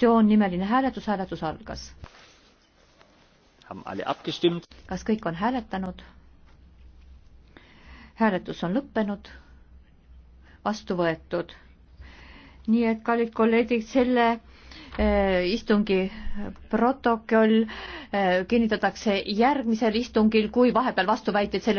resolutsioon, nimeline hääletus, hääletus algas. kas kõik on hääletanud? hääletus on lõppenud, vastu võetud. nii et, kallid kolleegid, selle eh, istungi protokoll eh, kinnitatakse järgmisel istungil, kui vahepeal vastuväiteid sellele